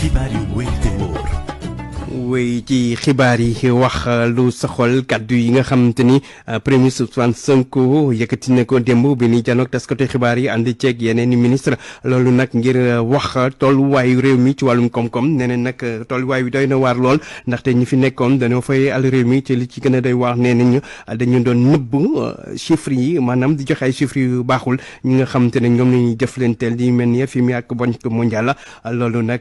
Keep at you waiting. wéy ci xibaar yi wax lu soxol kàddu yi nga xamante ni euh, premier ministre Ousmane Sonko yëkkati na ko démb bi ni janoog te xibaar yi ànd ceeg yeneen i ministre loolu nag ngir euh, wax tolluwaayu réew mi ci wàllum koom-koom nee neen nag euh, tolluwaay bi doy na waar lool ndaxte ñi fi nekkoon dañoo fay al réew mi ci li ci gën a doy waar nee nañu dañu doon nëbb chiffres yi maanaam di joxe ay chiffres yu baaxul ñi nga xamante ne ñoom la ñuy jëflanteel di mel ni FMI ak Banque mondiale loolu nag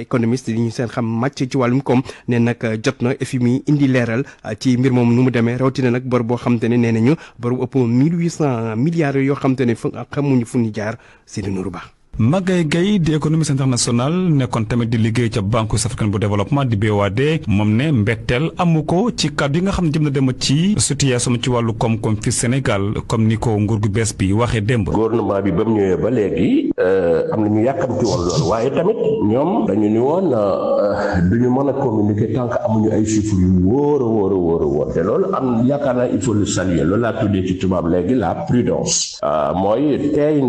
économiste yi ñu seen xam màcc ci wàllum koom ne nag jot na FMI indi leeral ah, ci mbir moom nu mu demee rawatina nag bor boo xam te ne nee nañu bor bu ëpp 1800 milliards yoo xam te ne fu xamuñu fu ñu jaar Seydou Nourou Ba Magaye Gaye di économiste international nekkoon tamit di liggéey ca banque africaine bu développement di BOAD moom ne mbetteel amu ko ci kàddu yi nga xam ne jëm na dem ci situation ci wàllu koom-koom fi Sénégal comme ni ko nguur gu bees bi waxee démb. gouvernement bi ba mu ñëwee ba léegi euh, am na ñu yàkkamti woon lool waaye tamit ñoom dañu ni woon euh, duñu mën a communiquer tant que amuñu ay chiffres yu wóor a wóor a te loolu am yaakaar naa il faut le laa tuddee tubaab léegi la prudence euh, mooy tey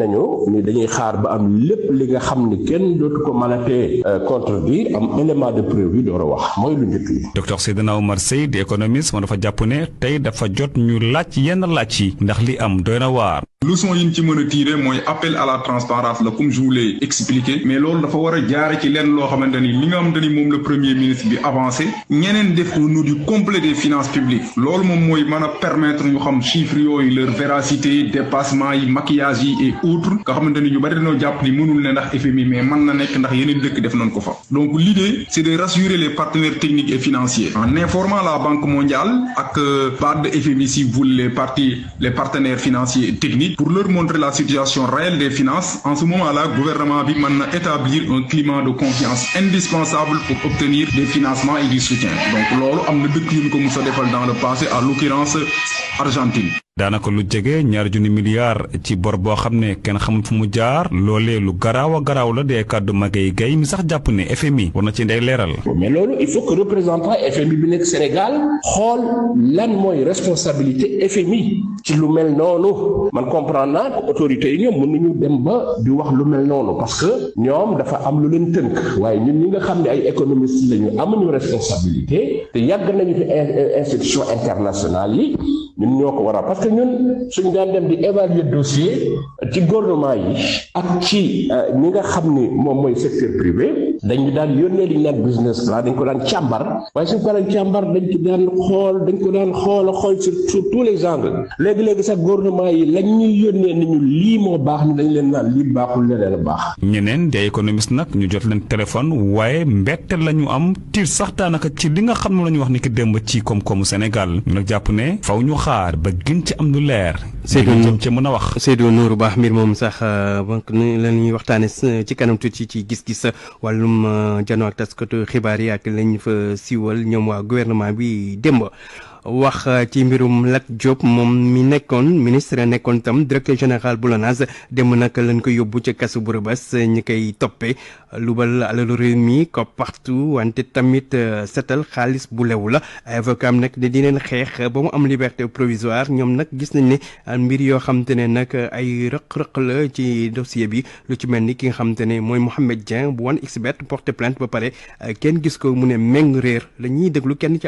lépp li nga xam ni kenn dootu ko mën a tee euh, contredire am élément de preuve yi door a wax mooy lu njëkk docteur Seydina Omar Seydi di économiste moo dafa jàpp ne tey dafa jot ñu laaj yenn laaj yi ndax li am doy na waar leçon yi ñu ci mën a tirer mooy appel à la transparence la comme je vous expliqué mais loolu dafa war a jaare ci lenn loo xamante ni li nga xamante ni moom le premier ministre bi avancé ñeneen def un di complet des finances publiques loolu moom mooy mën a permettre ñu xam chiffres yooyu leur véracité dépassement yi maquillage yi et outre. nga xamante ni ñu bari dañoo jàpp donc l'idée c'est de rassurer les partenaires techniques et financiers en informant la Banque mondiale ak euh, de FMI si vous les parties les partenaires financiers et techniques pour leur montrer la situation réelle des finances en ce moment là gouvernement bi man établir un climat de confiance indispensable pour obtenir des financements et du soutien donc lolu amna dëkk yu ko dans le passé à l'occurrence Argentine daanaka lu jege ñaari junni milliard ci bor boo xam ne kenn xamul fu mu jaar loolee lu garaaw a garaaw la dee kàddu mag Maguette gay mi sax jàpp ne FMI war na ci ndey leeral. mais loolu il faut que représentant FMI bi nekk Sénégal xool lan mooy responsabilité FMI ci lu mel noonu man comprendre naa ko autorités yi ñoom mënuñu dem ba di wax lu mel noonu parce que ñoom dafa am lu leen tënk waaye ñun ñi nga xam ne ay économistes la ñu amuñu responsabilité te yàgg nañu fi institution yi que ñun suñu daan dem di évaluer dossier ci gouvernement yi ak ci euh, ñi nga xam ni moom mooy secteur privé dañu daan yónnee li ñu naan business plan dañ ko daan càmbar waaye suñu paree càmbar dañ ko daan xool dañ ko daan xool a xool sur tous les angles léegi-léegi sax gouvernement yi lañ ñuy yónnee ni ñu lii moo baax ni dañ leen naan lii baaxul leneen a baax. ñeneen di ay nag ñu jot leen téléphone waaye mbette la ñu am tiir sax daanaka ci li nga xam ne la ñu wax ni ki démb ci koom-koomu Sénégal ci am lu leer. Seydou ci mën a wax. Seydou Nourou baax mbir moom sax euh, donc la ñuy waxtaane ci kanam tuuti ci gis-gis sax wàllum euh, janoo ak taskatu xibaar yi ak lañ fa siiwal ñoom waa gouvernement bi démb. wax euh, ci mbirum Lat Diop moom mi nekkoon ministre nekkoon tam directeur général bu LONASE dem nag lañ ko yóbbu ca kasu bu rabas ñu koy toppee lu bal alalu réew mi ko partout wante tamit euh, setal xaalis bu lew la avocat am nag di leen xeex ba mu am liberté provisoire ñoom nag gis nañ ne euh, mbir yoo xam ne nag ay rëq-rëq la ci dossier bi lu ci mel ni ki nga xam ne mooy Mouhamed Dieng bu wan expert porte plainte ba pare kenn gis ko mu ne méng la ñuy déglu kenn ci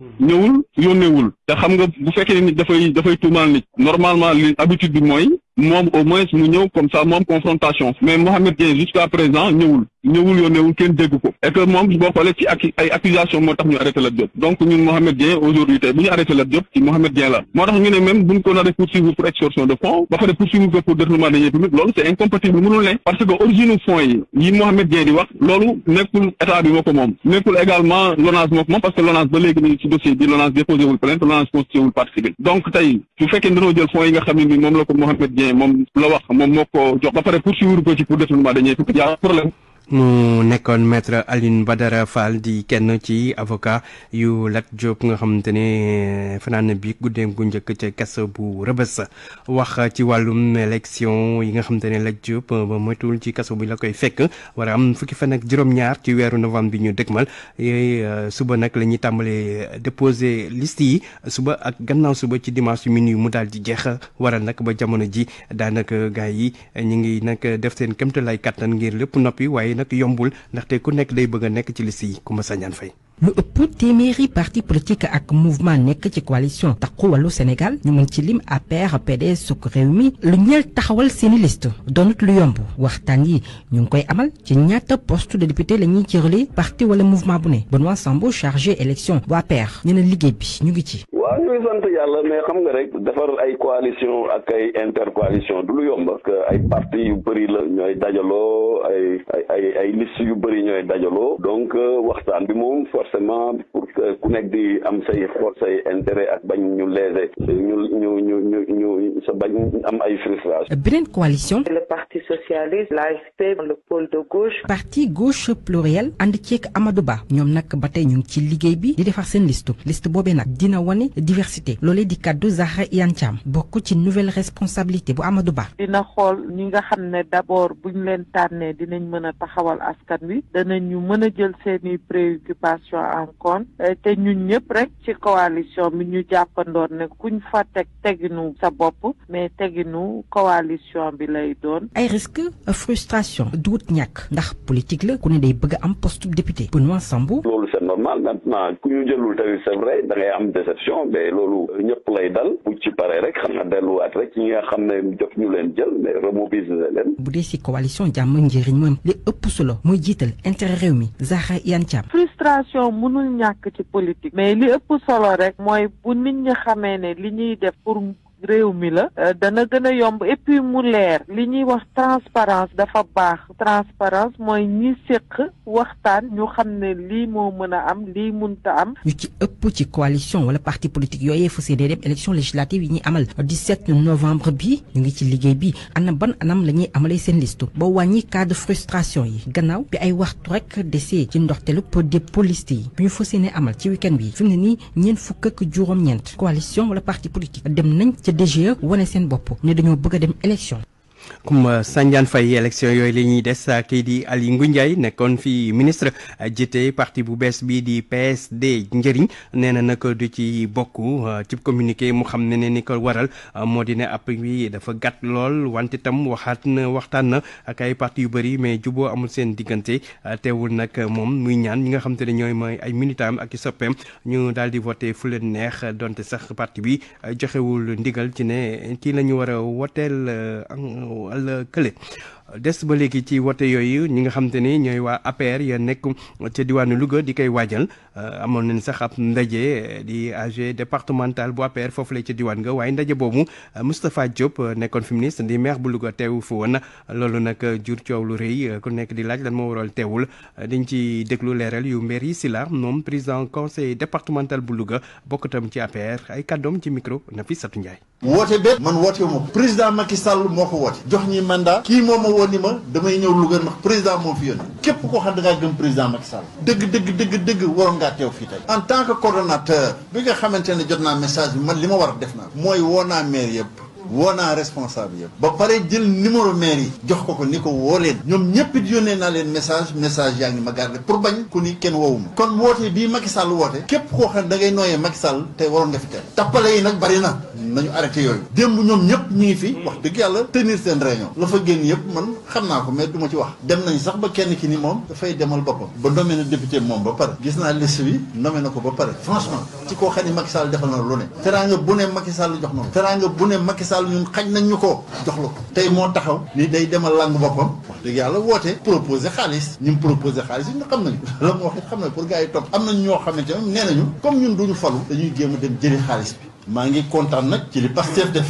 ñëwul yónneewul te xam nga bu fekkee nit dafay dafay tuumaal nit normalement li habitude bi mooy moom au moins mu ñëw comme ça moom confrontation mais Mohamed Dieng jusqu'à présent ñëwul ñewul yónneewul kenn dégg ko et que moom boo xoolee ci ak ay accusation moo tax ñu arrêté la Diop donc ñun Mohamed Dieng aujourd'hui tey bu ñu arrêté la Diop ci Mohamed Dieng la moo tax ñu ne même buñ ko nar a poursuivre pour extorsion de fonds ba pare poursuivre ko pour détournement de deniers publics loolu c'est incompatible mënul ne parce que origine fonds yi yi Mohamed Dieng di wax loolu nekkul état bi moo ko moom nekkul également LONASE moo ko moom parce que LONASE ba léegi nii ci dossier bi LONASE déposé wul plainte LONASE constitué wul partie civile donc tey su fekkee dañoo jël fonds yi nga xam ne ni moom la ko Mohamed Dieng moom la wax moom moo ko jox ba pare poursuivre ko ci pour détournement de deniers publics y'a problème mu nekkoon maître ba dara Fall di kenn ci avocat yu Lat Diop nga xamante ne eh, fanaan bi guddeem gu njëkk ca kaso bu rëbës wax ci wàllum élection yi nga xamante ne Lat Diop eh, ba moytuwul ci kaso bi la koy fekk war am fukki fan ak juróom-ñaar ci weeru novembre bi ñu dëgmal eh, suba nag la ñuy tàmbalee déposer liste yi suba ak gannaaw suba ci dimanche minuit mu daal di jeex waral nag ba jamono ji daanaka gars yi ñu ngi nag def seen kéemtalaay kattan ngir lépp noppi waaye. nag yombul ndaxte ku nek day bëgg nek ci liste yi ku ma sañaan fay. lu ëpp téeméeri parti politique ak mouvement nek ci coalition Takku Wallu Sénégal ñu mën ci lim APR PDS sukk réwmi lu ñël taxawal seen liste donut lu yomb waxtaan yi ñu ngi koy amal ci ñaata poste de député la ci relé parti wala mouvement bu né Benoît Sambou chargé élection bu APR ñu liggéey bi ñu ngi ci waaw ñu ngi sant yàlla mais xam nga rek defar ay coalition ak ay intercoalition du lu yomb parce que ay parti yu bëri la ñooy dajaloo ay ay ay liste yu bëri ñooy dajaloo donc euh, waxtaan bi moom forcément pour que ku nekk di am say force say intérêt ak bañ ñu léser ñu ñu ñu ñu ñu sa bañ am ay frustration. beneen coalition. le parti socialiste l'AFP le pôle de gauche. parti gauche pluriel ànd ceeg Amadou Ba ñoom nag ba tey ñu ngi ci liggéey bi di defar seen liste liste boobee nag dina wane diversité Lolé di kaddu Zahra Yantiam, Thiam ci nouvelle responsabilité bu Amadou Ba. dina xol ñi nga xamné d'abord buñ leen tànnee dinañ mëna taxawal askan wi danañu mën a jël seen préoccupation en compte eh, té ñun ñëpp rek ci coalition mi ñu jàppandoon ne kuñ fa teg teginu sa bopp mais teginu coalition bi lay doon. ay risque frustration duut ñak ndax politique la ku ne day bëgg am poste député Benoît Sambou. loolu c'est normal maintenant ku ñu jëlul tamit c'est vrai da ngay am déception. élection mais loolu ñëpp lay dal bu ci paree rek xam nga delluwaat rek ñi nga xam ne jot ñu leen jël mais remobiliser leen. bu dee si coalition jàmm njëriñ moom li ëpp solo mooy jiital intérêt réew mi Zahra Iyane Thiam. frustration mënul ñàkk ci politique. mais li ëpp solo rek mooy bu nit ñi xamee ne li ñuy def réew mi la euh, dana gën a yomb et puis mu leer li ñuy wax transparence dafa baax transparence mooy ñi séq waxtaan ñu xam ne lii moo mën a am lii munta am ñu ci ëpp ci coalition wala parti politique yooyee fa see dee dem élection législative yi ñuy amal 17 novembre bi ñu ngi ci liggéey bi ana ban anam la ñuy amalee seen liste ba wàññi cas de frustration yi gannaaw bi ay waxtu rek desee ci ndoxtelu dépôt liste yi bu ñu fa amal ci week-end bi fi mu ne nii ñeent fukk ak juróom-ñeent coalition wala parti politique dem nañ ci ca DGE wane seen bopp ne dañu bëgg dem élection Coumba euh, Sandiane Faye élection yooyu la ñuy des euh, kii di Aly Ngouille Ndiaye nekkoon fi ministre euh, jiite parti bu bees bi di PSD njëriñ nee na nag du ci bokk ci communiqué mu xam ne ne ni ko waral moo di ne app bi dafa gàtt lool wante itam waxaat na waxtaan na ak ay parti yu bëri mais juboo amul seen diggante teewul nag moom muy ñaan ñi nga xam te ne ñooy mooy ay militant ak i soppeem ñu daal di voté fu leen neex donte sax parti bi joxewul ndigal ci ne kii la ñu war a woteel wala kële des ba léegi ci wote yooyu ñi nga xam te ni ñooy APR ya nekk ca diwaanu Louga di kay Euh, amoon nañ sax ab ndaje di AG départemental bu APR foofu la ca diwaan nga waaye ndaje boobu euh, Moustapha Diop euh, nekkoon fi ministre di maire bu Louga teewu fa woon loolu nag jur coow lu rëy ku nekk di laaj lan moo waral teewul dañ ci déglu leeral yu maire yi si la moom président conseil départemental bu Louga bokk tam ci APR ay kàddoom ci micro Nafissatou Ndiaye. woote bépp man woote wu ma ko président Macky Sall moo ko woote jox ñi mandat kii moom ma woon ni ma damay ñëw Louga ndax président moo fi yónni képp koo xam ngaa teew fii tey en tant que coordonnateur bi nga xamante ne jot naa message bi man li ma war a def naa mooy woo naa maire yëpp woo naa responsable yëpp ba pare jël numéro maire yi jox ko ko ni ko woo leen ñoom ñëpp it yónnee naa leen message message yaa ngi ma gardé pour bañ ku ni kenn woowu ma kon woote bii Macky Sall woote képp koo xam ne da ngay nooyee Macky Sall te waroon nga fi teel tappale yi nag bari na nañu arrêté yooyu démb ñoom ñëpp ñu ngi fi wax dëgg yàlla tenir seen réunion la fa génn yëpp man xam naa ko mais du ma ci wax dem nañ sax ba kenn ki ni moom dafay demal boppam ba nommé moom ba pare gis naa liste bi nommé na ko ba pare franchement ci koo xam ne Macky Sall defal na lu ne Sénégal ñun xañ nañ ñu ko jox la ko tey moo taxaw ni day demal làng boppam wax dëgg yàlla woote proposé xaalis ñu proposé xaalis yi ñu xam nañu la mu wax xam ne pour gars yi topp am nañ ñoo xam ne nee nañu comme ñun duñu falu dañuy géem a dem jëli xaalis bi maa ngi kontaan nag ci li Pastef def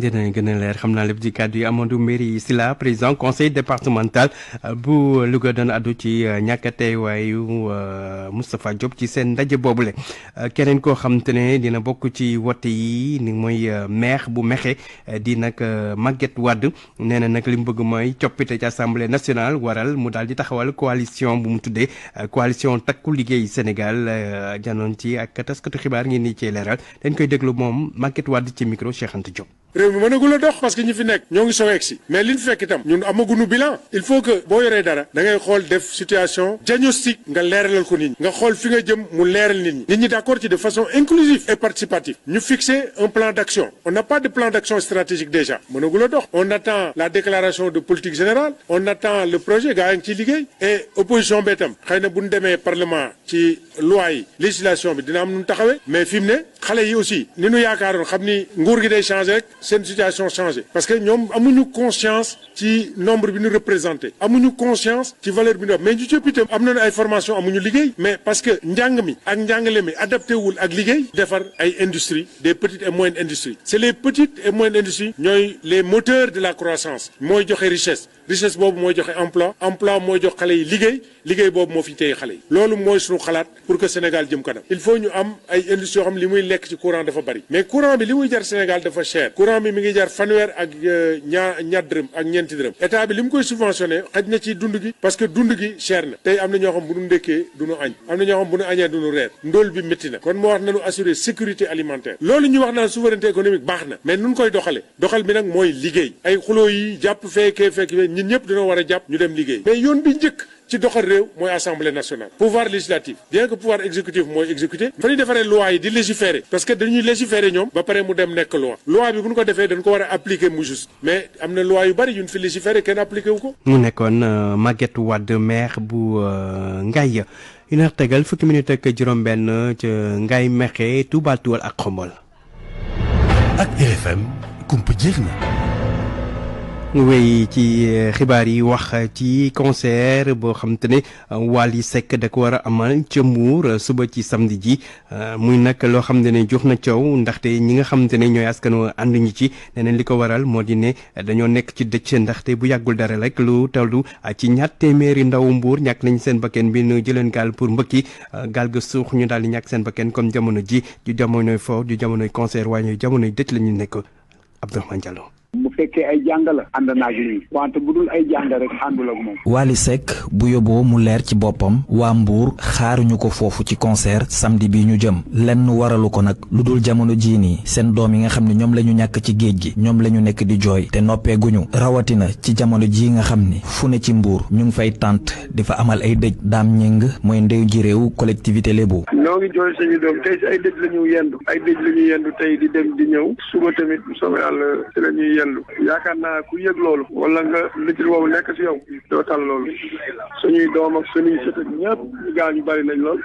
dina gën a leer xam naa lépp ci kàddu yi Amadou Mbéri Sylla président conseil départemental euh, bu Louga doon addu ci euh, ñàkkatee waayu euh, Moustapha Diop ci seen ndaje boobu boobule keneen koo xam ne dina bokk ci wote yi ni mooy maire bu Mexe di nag Maguette Wade nee na nag li mu bëgg mooy coppite ci assemblée nationale waral mu daal di taxawal coalition bu mu tuddee coalition takku liggéey Sénégal janoon ci ak taskatu xibaar ngeen nii ci leeral dañ koy déglu moom Maguette Wade ci micro Cheikh Anta réew mi mënagul dox parce que ñi fi nekk ñoo ngi soog egsi mais liñ fekk itam ñun amagunu bilan il faut que boo yoree dara da ngay xool def situation diagnostic nga leeralal ko nit ñi nga xool fi nga jëm mu leeral nit ñi nit ñi d'accord ci de façon inclusive et participative ñu fixer un plan d'action on n'a pas de plan d'action stratégique déjà mënagul a dox on attend la déclaration de politique générale on attend le projet gaa yi ngi ciy liggéey et opposition bi itam xëy na bu ñu demee parlement ci loi yi législation bi dina am nu taxawee mais fi mu ne xale yi aussi ni nu yaakaaroon xam ni nguur gi day changer rek c'est une situation changée parce que nous une conscience du nombre bi Nous Nous amuñu conscience ci valeur bi mais nous avons ëpp itam l'information ay formation mais parce que nous avons adapté wul ak des petites et moyennes industries c'est les petites et moyennes industries sont les moteurs de la croissance mooy joxe richesse richesse bobu moy joxe emploi emploi moy jox xale yi liguey liguey bobu mo fi tey xale yi loolu mooy suñu xalat pour que Sénégal jëm kanam il faut ñu am ay industrie yoo xam li muy lek ci courant dafa bari mais courant bi li muy jar Sénégal dafa cher courant bi mi ngi jar fanwer ak ñaar ñaar dërëm ak ñeenti dërëm état bi lim koy subventionné xaj na ci dund gi parce que dund gi cher na tey amna ño xam bu ñu ndéké du ñu añ amna ño xam bu ñu añé du ñu rër ndol bi métti na kon mo wax nañu assurer sécurité alimentaire lolu ñu wax na souveraineté économique baxna mais nun koy doxale doxal bi nak moy liguey ay xulo yi jàpp féké fekk ñun ñëpp dañoo war a jàpp ñu dem liggéey mais yoon bi njëkk ci doxal réew mooy assemblée nationale pouvoir législatif bien que pouvoir exécutif mooy exécuté fa ñuy defaree loi yi di légiférer parce que dañuy légiférer ñoom ba pare mu dem nekk loi loi bi bu ñu ko defee dañ ko war a appliquer mu juste mais am na loi yu bari yu ñu fi légiférer kenn appliqué wu ko. mu nekkoon euh, Maguette Wade maire bu euh, Ngaye une heure tegal fukki minute ak juróom-benn ca Ngaye Mekhe Touba Toual ak Xombol. ak RFM kumpa jeex na. ñu wéy ci euh, xibaar yi wax ci concert boo xam te ne euh, Wally Seck da ko war a amal ca mbuur euh, suba ci samedi ji muy nag loo xam ne jox na coow ndaxte ñi nga xam ne ñooy askano ànd ñu ci neneen li ko waral moo di ne dañoo nekk ci dëcc ndaxte bu yàggul dara rek lu tollu ci ñaar téeméeri ndaw Mbour ñàkk nañ seen bakken bi ñu jëleen gaal pour mbëkki gaal ga suux ñu daal di ñàkk seen bakken comme jamono ji du jamonoy foofu du jamonoy concert waaye ñooy jamonoy dëcc la ñu nekk Abdourahmane Diallo bu fekkee ay jàng la ànd naag lii wante bu dul ay jàng rek àndul ak moom. Wally bu yóbboo mu leer ci boppam waa Mbour xaaruñu ko foofu ci concert samedi bi ñu jëm lenn waralu ko nag lu dul jamono jii nii seen doom yi nga xam ne ñoom la ñu ñàkk ci géej gi ñoom la ñu nekk di jooy te noppeeguñu rawatina ci jamono ji nga xam ni fu ne ci mbuur ñu ngi fay tànt di fa amal ay dëj daam ñëng mooy ndeyu ji réew collectivité lébu. ñoo ngi jooy suñu doom yendu yaakaar naa ku yëg loolu wala nga liggéey boobu nekk si yow doo tal loolu suñuy doom ak suñuy sët ñëpp ñu gaañu bari nañ lool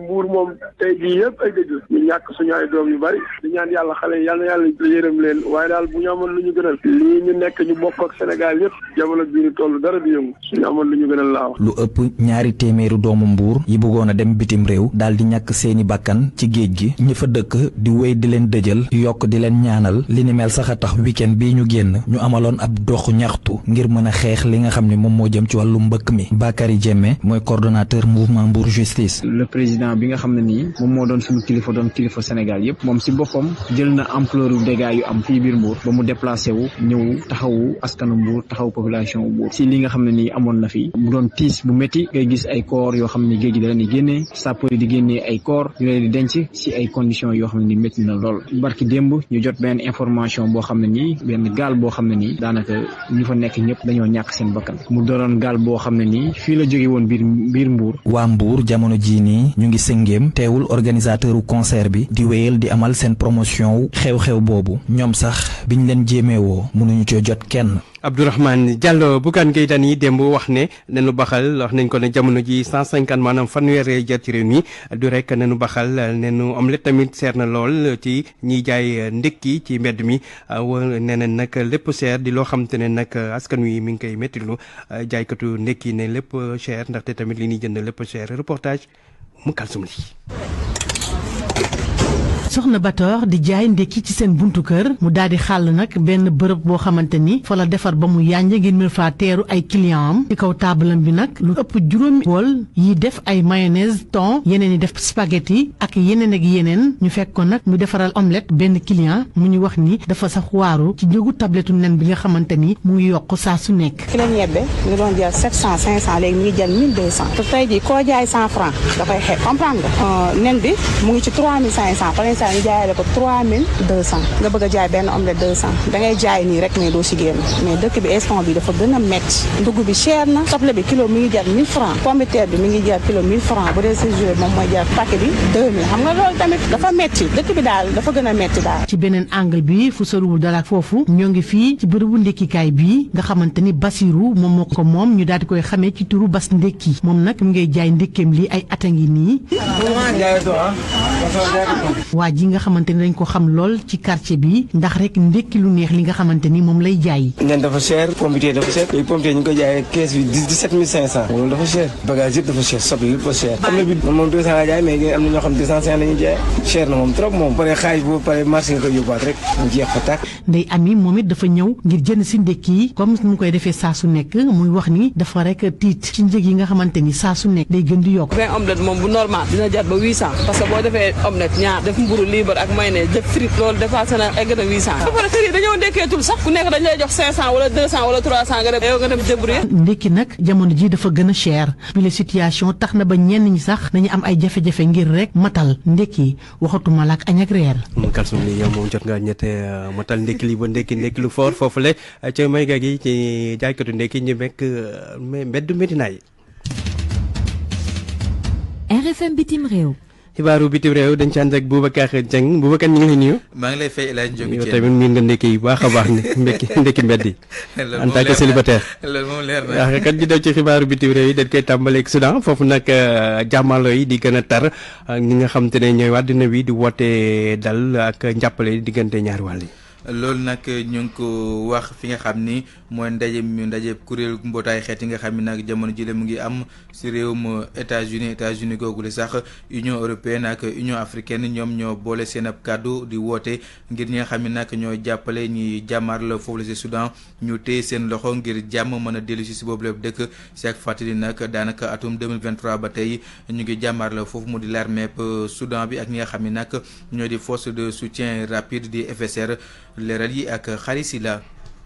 mbuur moom tey jii yëpp ay dëj ñu ñàkk suñu ay doom yu bari di ñaan yàlla xale yal na yàlla yërëm leen waaye daal bu ñu amoon lu ñu gënal lii ñu nekk ñu bokk ak Sénégal yëpp jamono bii ñu toll dara di yëngu suñu amoon lu ñu gënal laa wax lu ëpp ñaari téeméeri doomu mbuur yi bëggoon a dem bitim réew daal di ñàkk seeni bàkkan ci géej gi ñi fa dëkk di wéy di leen dëjal yokk di leen ñaanal li ni mel sax a tax week-end bii ñu génn ñu amaloon ab dox ñaxtu ngir mën a xeex li nga xam ne moom moo jëm ci wàllu mbëkk mi président bi nga xam ne nii moom moo doon suñu kilifa doon kilifa Sénégal yëpp moom si boppam jël na ampleur yu dégâts yu am fii biir Mbour ba mu déplacé ñëw taxawu askanu Mbour taxaw population wu Mbour si li nga xam ne nii amoon ne da leen di génnee sappo yi di génnee ay corps ñu leen ngi sëngéem teewul organisateur u concert bi di wéyal di amal seen promotion wu xew-xew boobu ñoom sax biñ leen jéemeewoo mënuñu cee jot kenn Abdourahmane Diallo Bougane Gueye Dany yi démb wax ne nu baxal wax nañ ko ne jamono ji cent cinquante maanaam fanweer jar ci réew mi du rek nanu baxal nenu omelette tamit seer na lool ci ñiy jaay ndékki ci mbedd mi ne na nag lépp seer di loo xam te ne nag askan wi mi ngi koy méttilu jaaykatu ndékki ne lépp cher ndaxte tamit li ñuy jënd lépp cher reportage mu kalsum soxna Bator di jaay ndékki ci seen buntu kër mu daal di xàll nag benn bërëb boo xamante ni fa defar ba mu yànja ngir mën faa teeru ay client am ci kaw taabalam bi nag lu ëpp juróomi bool yi def ay mayonnaise ton yeneen yi def spaghetti ak yeneen ak yeneen ñu fekk ko nag mu defaral omelette benn client mu ñu wax ni dafa sa waaru ci njëgu tablettu nen bi nga xamante ni mu ngi yokk saa su nekk. kilo ñebbe mu ngi doon jar 700 mu ngi jar 1200. te tey jii koo jaay saa ñu jaayee la ko 3200 nga bëgg a jaay benn omelette 200 da ngay jaay nii rek mais doo si génn mais dëkk bi instant bi dafa gën a métti ndugg bi cher na soble bi kilo mi ngi jar 1000 francs pombiteer bi mi ngi jar kilo 1000 francs bu dee séjour moom mooy jar paquet bi dafa métti dëkk bi daal dafa gën a métti daal ci beneen angle bi fu soriwul dara ak foofu ñoo ngi fii ci bërëbu ndékkikaay bi nga xamante ni Basiru moom moo ko moom ñu daal di koy xamee ci turu bas ndékki moom nag mu ngay jaay ndékkeem li ay at a ngi nii laaj yi nga xamante ni dañ ko xam lool ci quartier bi ndax rek ndekki lu neex li nga xamante ni moom lay jaay. nen dafa dafa cher léegi pompité dafa cher bagage yëpp dafa nga koy yóbbaat moom dafa ñëw ngir jënd si ndekki yi comme mu koy defee saa su nekk muy wax ni dafa rek tiit ci njëg yi nga xamante ni saa su nekk day gën di yokk vingt omelette moom bu normal dina jar ba huit cent parce boo defee omelette ñaar def mburu poireau libre ak mayonnaise def frite loolu dépassé na egg na 800 ba pare kër yi dañoo ndekkeetul sax ku nekk dañ lay jox 500 wala 200 wala 300 nga dem yow nga dem débrouiller ndekki nag jamono ji dafa gën a cher bi la situation tax na ba ñenn ñi sax nañu am ay jafe-jafe ngir rek matal ndekki waxatuma la ak añ ak reer moom jot nga ñette euh, matal ndekki lii ba ndekki ndekki lu foor foofu la euh, ca may ga gi ci jaaykatu ndekki ñu mekk euh, mbedd Medina yi RFM bitim xibaaru bitim réew dañ ci ànd ak Boubacar Dieng Boubacar ñu ngi lay nuyu. maa ngi lay fay El Hadj Ndiogou yow tamit miin nga ndekki yu baax a baax ndekki ndekki mbedd yi. en tant que célibataire loolu na waaw ci xibaaru bitim réew yi dañ koy tàmbaleeg Soudan foofu nag euh, jàmmaloo yi di gën a tar ñi nga xam te ne ñooy àddina bi di woote dal ak njàppale diggante ñaari wàll yi. loolu nag ñu ngi ko wax fi nga xam ni. mooy ndaje mi ndaje kuréel mbootaay xeet yi nga xam ne nag jamono jile mu ngi am si réewum États-Unis États-Unis googule sax Union européenne ak Union africaine ñoom ñoo boole seen ab kàddu di woote ngir ñi nga xam ne nag ñoo jàppale ñi jàmmaar la foofu la si Soudan ñu téye seen loxo ngir jàmm mën a dellu si si boobu lépp dëkk si ak fàttali nag daanaka atum 2023 ba tey ñu ngi jàmmaar foofu mu di l'armée Soudan bi ak ñi nga xam ne nag ñoo di force de soutien rapide di FSR leeral yi ak xarit si la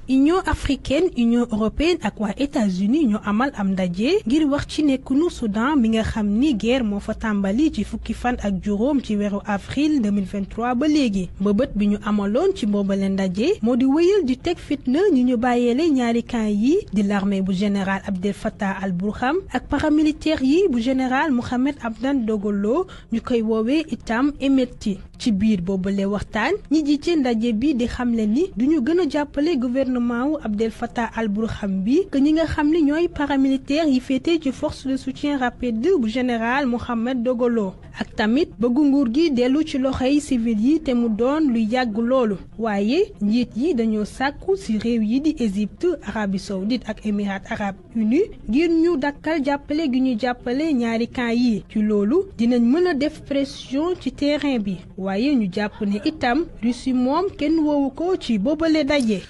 union africaine union européenne ak wa États-Unis ñu amal am ndaje ngir wax ci nekkunu Soudan mi nga xam ni guerre moo fa tàmbali ci fukki fan ak juróom ci avril 2023 ba léegi mbëbët bi ñu amaloon ci mboobale ndaje moo di wéyal di teg fitna ñu ñu bàyyeele ñaari yi di l'armée bu général Abdel Fattah al-Burham ak paramilitaire yi bu général Mohamed Abdan Dogolo ñu koy woowee itam Emetti ci biir boobale waxtaan ñi jiite ndaje bi di xamle ni duñu gouvernement gouvernement wu Abdel Fattah al-Burhan bi que ñi nga xam ni paramilitaires yi fété ci force de soutien rapide du général Mohamed Dogolo ak tamit bëggu nguur gi dellu ci loxey civil yi té mu doon lu yàgg lolu wayé njiit yi dañoo sakku ci réew yi di Égypte Arabie Saoudite ak Émirats Arabes Unis ngir ñu dakkal jappalé gi ñu jappalé ñaari camp yi ci lolu dinañ mëna def pression ci terrain bi wayé ñu japp né itam Russie mom kenn woowu ko ci bobalé dajé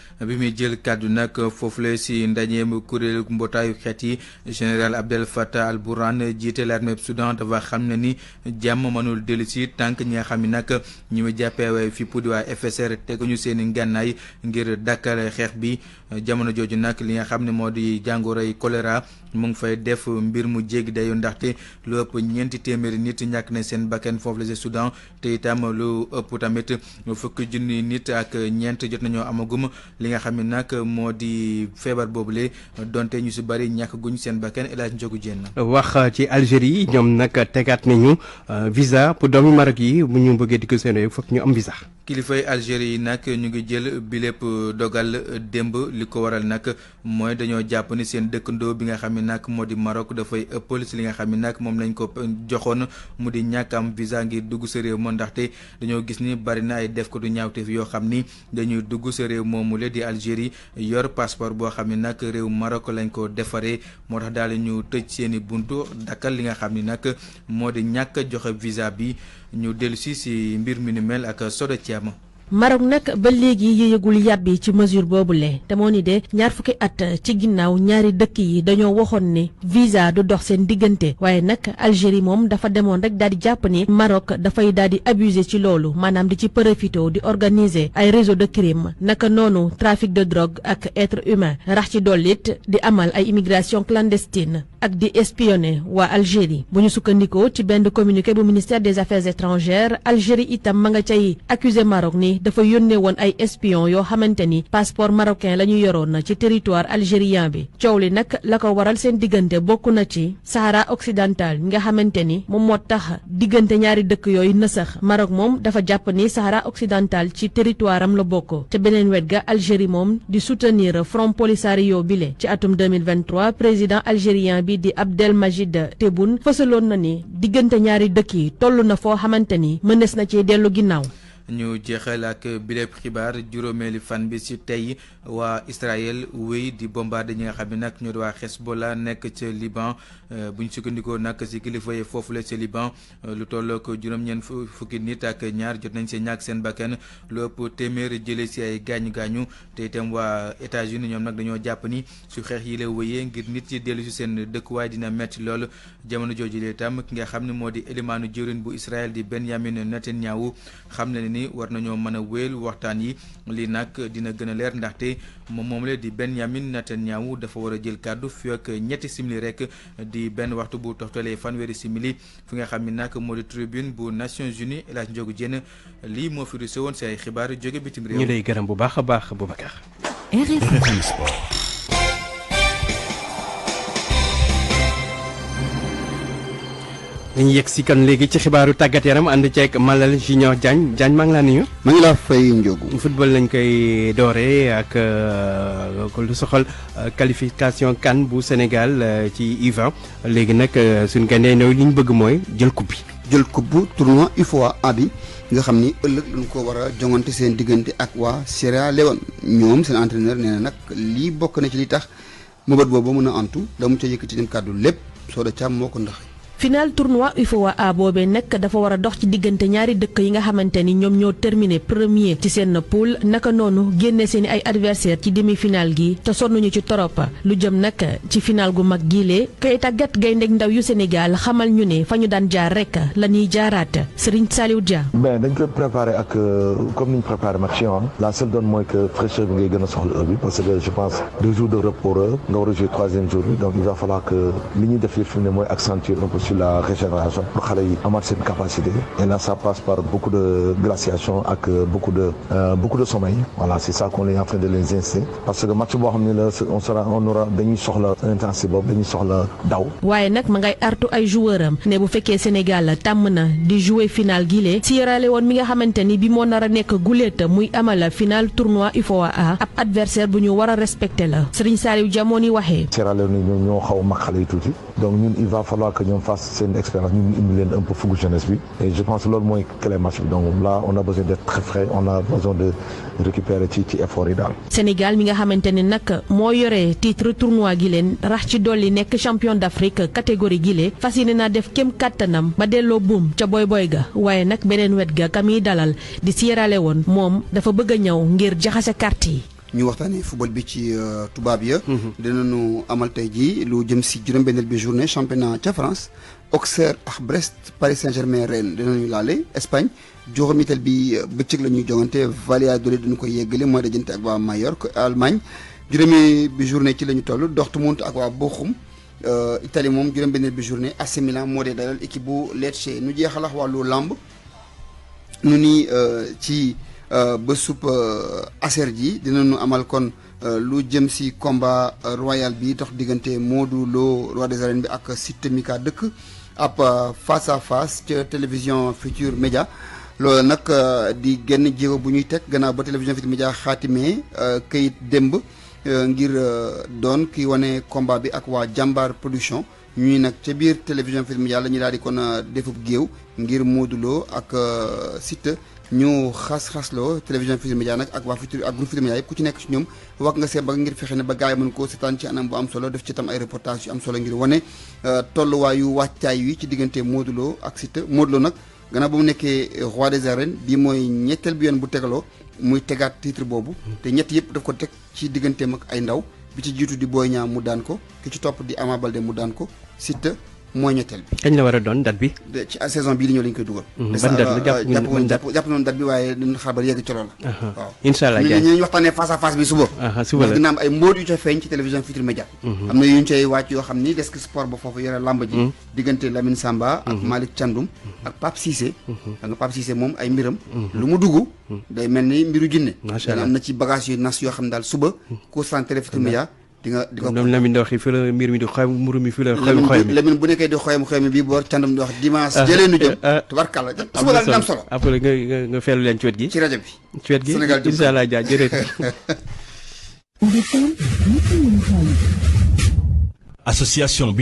jël kàddu nag foofule si ndajeem kuréel mbootaayu xeet yi général Abdel Fattah al-Burhan jiite l'armée Soudan dafa xam ne ni jàmm mënul dellu si tànk ñi nga xam ne nag ñu ngi jàppee waaye fippu di waa FSR teguñu seen i ngànnaay ngir dakkale xeex bi jamono jooju nag li nga xam ne moo di jàngoroy choléra. mu ngi fay def mbir mu jéggi dayu ndaxte lu ëpp ñeenti téeméeri nit ñàkk na seen bakken foofu la Soudan te itam lu ëpp tamit fukki junni nit ak ñeent jot nañoo amagum li nga xam ne nag moo di feebar boobule donte ñu si bari ñàkk guñ seen bakkan El Hadj Ndiogou Diène wax ci Algérie ñoom nag tegaat nañu euh, visa pour doomu Maroc yi bu ñu bëggee dikk seen réew fokk ñu am visa. kilifay Algérie yi nag ñu ngi jël bi lépp dogal démb li ko waral nag mooy dañoo jàpp seen dëkkandoo bi nga xam ne nag moo di Maroc dafay ëppal si li nga xam ne nag moom lañ ko joxoon mu di ñàkk am visa ngir dugg sa réew ma ndaxte dañoo gis ni bari na ay def ko du ñaawteef yoo xam ni dañuy dugg sa réew moomule di Algérie yor passeport boo xam ne nag réew Maroc lañ ko defaree moo tax daal ñu tëj seeni buntu dakkal li nga xam ni nag moo di ñàkk joxe visa bi ñu dellusi si mbir mi ni mel ak Soda Thiam Maroc nag ba léegi yéegul yàbbi ci mesure boobule te moo ni de ñaar fukki at ci ginnaaw ñaari dëkk yi dañoo waxoon ni visa du dox seen diggante waaye nag Algérie moom dafa demoon rek daal di jàpp ni Maroc dafay daal di abuser ci loolu maanaam di ci profité di organiser ay réseau de crime naka noonu trafic de drogue ak être humain rax ci dolli it di amal ay immigration clandestine ak di espionne waa Algérie bu ñu sukkandikoo ci benn communiqué bu ministère des affaires étrangères Algérie itam ma nga cay accuser Maroc ni dafa yónnee woon ay espion yoo xamante ni passeport marocain la ñu yoroon na ci territoire algérien bi coow li nag la ko waral seen diggante bokk na ci Sahara occidental nga xamante ni moom moo tax diggante ñaari dëkk yooyu nësax Maroc moom dafa jàpp ni Sahara occidental ci territoire am la bokk te beneen wet ga Algérie moom di soutenir Front Polisario bile ci atum 2023 président algérien bi di Abdelmajid Tebboune fësaloon na ni diggante ñaari dëkk yi toll na foo xamante ni mënees na ci dellu ginnaaw ñu jeexal ak biléb xibaar juróomeeli fan bi ci tey waa Israël wéy di bombarde ñi nga xam ne nag ñoo di waa Hezbollah nekk ca Liban euh, buñ ñu sukkandikoo nag ci kilifa yi foofu la ca Liban euh, lu ko juróom-ñeent fukki nit ak ñaar jot nañ ci ñàkk seen bakkan lu ëpp téeméer jële ci ay gaañu gaañu te itam waa États-Unis ñoom nag dañoo jàpp ni su xeex yi la wéyee ngir nit yi dellu ci seen dëkkuwaay dina metti lool jamono jooju itam ki nga xam ne moo di élimaanu jëwriñ bu Israël di Benjamin Netanyahu xam na ni ni war nañoo mën a wéel waxtaan yi lii nag dina gën leer ndaxte moom moom la di Benyamin Netanyahu dafa war a jël kàddu fi ak ñetti simili rek di benn waxtu bu toxtalee fanweeri simili fi nga xam ni nag moo di tribune bu Nations Unies El Hadj Ndiogou lii moo fi rusé woon si ay xibaar jóge bitim réew. ñu lay gërëm bu baax a baax Boubacar. RFM dañuy yegsi kan léegi ci xibaaru tàggat yaram ànd ci ak malal junior diagne diagne maa ngi laa ya? nuyu maa ngi laa fay njóogu football lañ koy dooree ak ko lu soxal qualification eh, kan bu Senegal eh, ci iva léegi nak suñ gandee néew li ñu bëgg mooy jël coupe bi jël coupe bu tournoi ifoa a bi nga xam ni ëllëg lañ ko war a jongante seen diggante ak waa sierra leone ñoom seen entraîneur nee na nag bokk na ci li tax mëbët boobu mën a antu damu ca yëkkati nim kàddu lépp soo da càm moo ko ndax final tournoi UFOA A bobé nek dafa wara dox ci diggante ñaari dëkk yi nga xamante ñom ñoo terminer premier ci sen poule naka nonu génne seen ay adversaires ci demi finale gi te ñu ci torop lu jëm nak ci final gu mag giile koy tàggat gaynde ndaw yu Sénégal xamal ñu né fa ñu daan jaar rek la ñuy jaaraat Serigne Saliou Dia. ben dañ ko préparer ak euh, comme niñ préparer préparé match yoon hein. la seule donne moy que fraîcheur bi ngay gëna a soxla heure bi parce que je pense deux jours de repos euh, nga wara a jouer troisième jour donc il va falloir que li ñuy def yëpp fi mu ne mooy accentuer un peu sur la régénération pour xale yi amaat capacité et là ça passe par beaucoup de glaciation que beaucoup de euh, beaucoup de sommeil voilà c'est ça qu'on est en train de les inciter parce que match on sera on aura béni sur intensité béni sur soxla daw. Oui, nak mangay artu ay joueuram am ne bu fekkee Sénégal tàmm na di jouer final guilé Sierra Leone mi nga xamante ni bi mo nara nek nekk muy amal final tournoi a, ab adversaire bu ñu wara respecter la Serigne Saliou jamoni wahé. ni waxee. Sierra Leone ñoo xaw a donc ñun il va falloir que fasse c'est une expérience nous nous un peu fou jeunesse bi et je pense loolu mooy clé match donc là on a besoin d'être très frais on a besoin de récupérer ci ci effort Sénégal mi nga xamante ne nag titre tournoi gi leen rax ci nek champion d'Afrique catégorie Guilé, leen à def kem Katanam, ba delloo buum ca boy boy ga dalal di Sierra Leone mom moom dafa bëgg a ngir carte ñu waxtane football bi ci euh, tubab ya mhm. dinañu amal tey lu jëm si juróom-benneel bi journée championnat ca France Auxerre Brest Paris Saint-Germain Rennes dinañu lalé Espagne juróomiteel bi euh, bëccëg la ñuy jongante Valladolid dañu koy mo mooy dajante ak wa Mallorca Allemagne juróomi bi journée ci lañu tollu Dortmund ak wa Bochum euh, Italie mom juróom-benneel bi journée AC Milan moo dalal équipe bu Lecce nu jeexalax wàllu làmb nu ni ci Euh, ba sup euh, aser ji dinañu amal kon euh, lu jëm si combat royal bi dox diggante Modou Lo roi des arènes bi ak Siteu mi ka dëkk ab face à face ca télévision Futur Média loolu nag di genn jéego bu ñuy teg gannaaw ba télévision Futur Média xaatime këyit démb ngir doon ki wane combat bi ak waa jàmbaar production ñu ni nag ca biir télévision Futur Média la ñu daal di kon defub géew ngir Modou Lo ak Siteu ñu xas-xasloo télévision Futurs Médias nag ak waa Futurs ak groupe Futurs Médias yëpp ku ci nekk ci ñoom wax nga see ba ngir fexe ne ba gars yi mën koo seetaan ci anam bu am solo def ci tam ay reportage yu am solo ngir wane euh, tolluwaayu wàccaay wi ci diggante Modou Lo ak Siteu Modou nag gannaaw ba mu nekkee roi des arènes bi mooy ñetteel bi yoon bu tegaloo muy tegaat titre boobu te ñett yëpp daf ko teg ci digganteem ak ay ndaw bi ci jiitu di booy Niang mu daan ko ki ci topp di Ama de mu daan ko Siteu mooy ñetteel bi. kañ la war a doon date bi. ci saison bii li ñëw lañ koy dugal. Mhm. ban date la jàpp ngeen jàpp bi waaye dañu xaar ba yegg ci loolu la. waaw incha allah ñu ñu waxtaanee face à face bi suba. suba la dina mhm. na ba ji. Mhm. diggante Lamine Samba. ak Malick Thiandoum. ak Pape Cissé. xam nga Pape moom ay mbiram. lu mu dugg. day mel ni mbiru jinne. macha am na ci bagage yu nas yoo xam ne daal suba. course en télé Futurs Médias association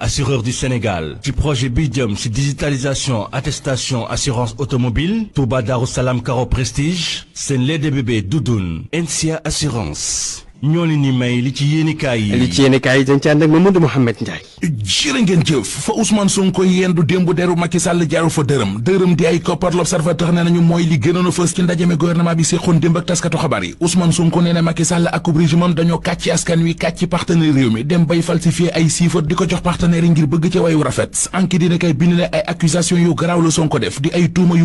assureur du Sénégal du projet bidium sur digitalisation attestation assurance automobile Touba Salam Caro Prestige Doudoun NCA Assurance ñoo leen ni may li ci yéenikaay yi. li ci yéenikaay yi dañ ci ànd ak Mamadou Mouhamed Ndiaye. jërë ngeen jëf fa Ousmane Sonko yendu démb deru Macky Sall jaru fa dërëm dërëm di ay koppar l'observateur ne nañu mooy li gënoon a fës ci ndajeme gouvernement bi séqoon démb ak taskatu xabaar yi Ousmane Sonko nee na Macky Sall ak ub régime dañoo kàcc askan wi kàcc partenaire yi ngir bëgg ca wayu rafet anki dina kay bind ne ay accusation yu garaaw la Sonko def di ay tuuma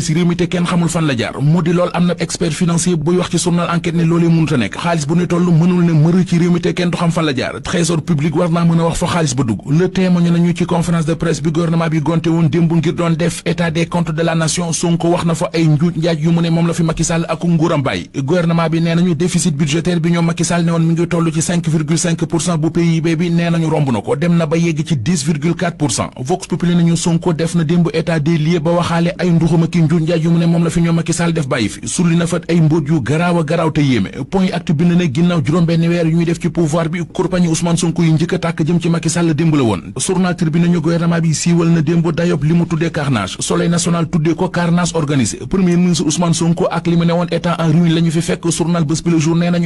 génnee réew mi te kenn xamul fan la mu di lool am na expert financier buy wax ci journal enquête ne loolee mënut a nekk xaalis bu ne toll mënul ne mër ci réew mi te kenn du xam fan la trésor public war naa mën a wax fa xaalis ba dugg le témoigne nañu ci conférence de presse bi gouvernement bi gonte woon démb ngir doon def état des comptes de la nation Sonko wax na fa ay njuuj njaaj yu mu ne moom la fi Macky Sall ak nguuram bàyyi gouvernement bi ne Njuuj moom la fi ñoom Macky def bàyyi fi sulli na fa ay mbóot yu garaaw garaaw te yéeme point actu bind ne ginnaaw juróom-benn weer yu ñuy def ci pouvoir bi kurpañi Ousmane Sonko yu njëkk tàkk jëm ci Macky Sall démb la woon journal Tribune ñu gouvernement bi siiwal na démb dayob li mu tuddee carnage Soleil national tuddee ko carnage organisé premier ministre Ousmane Sonko ak li mu ne woon état en ruine la fi fekk journal Bës Bi Le Jour nañu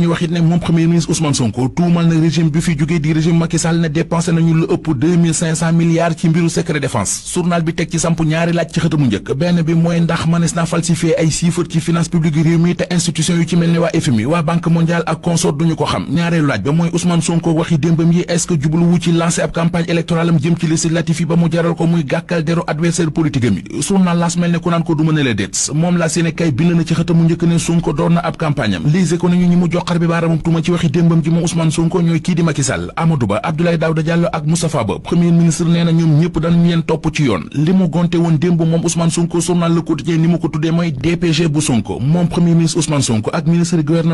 di moom premier ministre Ousmane Sonko tuumal na régime bi fi jógee di régime Macky ne dépensé nañu lu ëpp 2500 ci mbiru secret défense journal bi teg ci samp ñaari laaj ci xëtamu njëkk benn bi mooy ndax mënees na falsifié ay chiffres ci finance publique réew mi te institution yu ci mel ni waa FMI waa banque mondiale ak consort duñu ko xam ñaareelu laaj ba mooy Ousmane Sonko waxi démbam yi est jubluwu ci lancé ab campagne électorale jëm ci législatif joxar ak ministre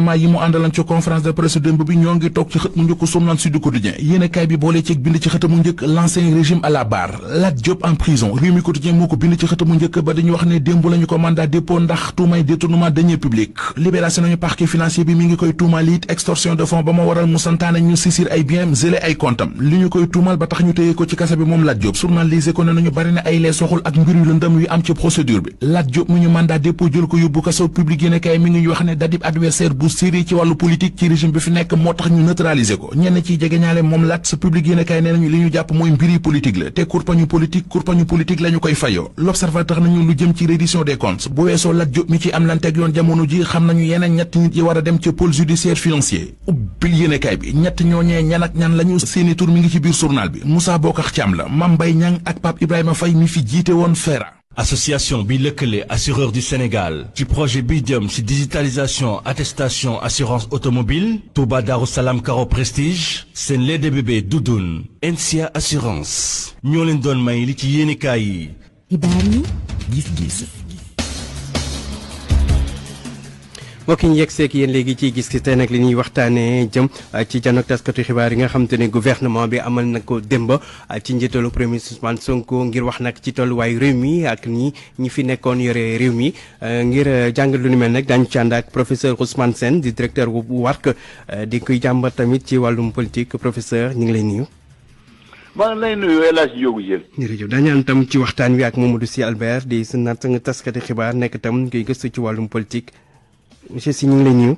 nee yi mu àndalan ci conférence de presse démb bi ñoo ngi toog ci xët mu njëkk journal bi mu ngi koy koy extorsion de fonds ba ma waral mu ñu sisir ay biens zélé ay comptam li ñu koy tuumaal ba tax ñu téye ko ci kasa moom Lat Diop journalisé ko ne nañu bari na ay lee soxul ak mbir yu lëndëm yu am ci procédure bi Lat Diop mu ñu mandat dépôt jël ko yóbbu kaso public yéene mi ngi wax ne dadib adversaire bu série ci wàllu politique ci régime bi fi nekk moo tax ñu neutraliser ko ñenn ciy jegeñaale moom Lat sa public yéene kay li ñu jàpp mooy judiciaire financier ubbil yéenekaay bi ñett ñooñee ñan ak ñan lañu seeni tour mi ngi ci biir journal bi Moussa Bokar Thiam la Mame Mbaye Niang ak Pape Ibrahima Faye mi fi jité won FERA association bi lëkkale assureur du Sénégal ci projet bi jëm ci digitalisation attestation assurance automobile Touba Darussalam Salam Caro Prestige seen bébé Doudoun NCA Assurance ñoo leen doon may li ci yéenekaay yi. xibaar yi gis-gis. mbokk yi ñu yegg seeg yéen léegi ciy gis tey nag li ñuy waxtaanee jëm ci janook taskatu xibaar yi nga xam te ne gouvernement bi amal na ko démb ah, ci njiitalu premier Ousmane Sonko ngir wax nag ci tolluwaayu réew mi ak ñi ñi fi nekkoon yore réew mi eh, ngir eh, jàngal lu ni mel nag daañu ci ànd ak professeur Ousmane Sène di directeur bu WARC eh, di koy jàmba tamit ci wàllum politique professeur ñu ngi lay nuyu. maa ngi lay nuyu El tam ci waxtaan wi ak moom Mamadou Sy Albert di sa natt taskati xibaar nekk tam ngay gëstu ci wàllum politique monsieur Sy ñu ngi lay nuyu.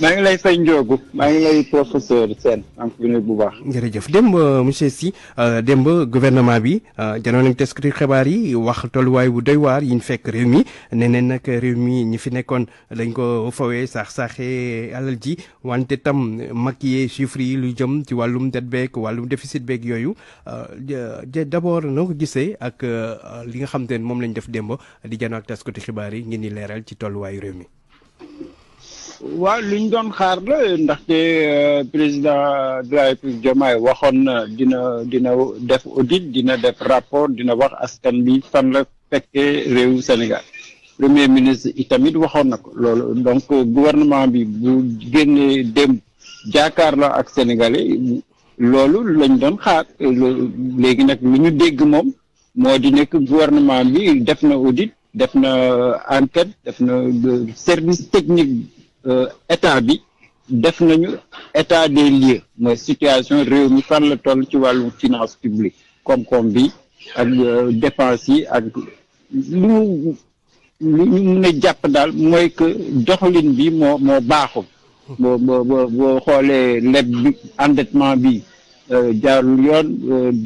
maa ngi lay fay Ndiogou maa ngi lay professeur Sène maa ngi lay bu baax. jërëjëf démb euh, monsieur Sy euh, démb gouvernement bi euh, janoon nañu taskatu xibaar yi wax tolluwaay bu doy waar yi ñu fekk réew mi nee ne nag réew mi ñi fi nekkoon dañ ko fawee saax saaxee alal ji wante tam maquiller chiffres yi lu jëm ci wàllum dette beeg wàllum déficit beeg yooyu d'abord noo ko gisee ak li nga xam te ne moom lañ def démb di janoo ak taskatu xibaar yi ngeen di leeral ci tolluwaayu mi. waaw li doon xaar la ndaxte euh, président de la République waxoon na dina dina def audit dina def rapport dina wax askan bi fan fekke réew réewu Sénégal premier ministre itamit waxoon na ko loolu donc gouvernement bi bu génnee dem jaakaar la ak sénégalais loolu lañ doon xaar léegi nag lu dégg moom moo di nekk gouvernement bi def na audit def euh, enquête def service technique euh, état bi def état des lieux mooy situation réew mi fan ci finance publique koom-koom bi ak euh, ak ñu que endettement bi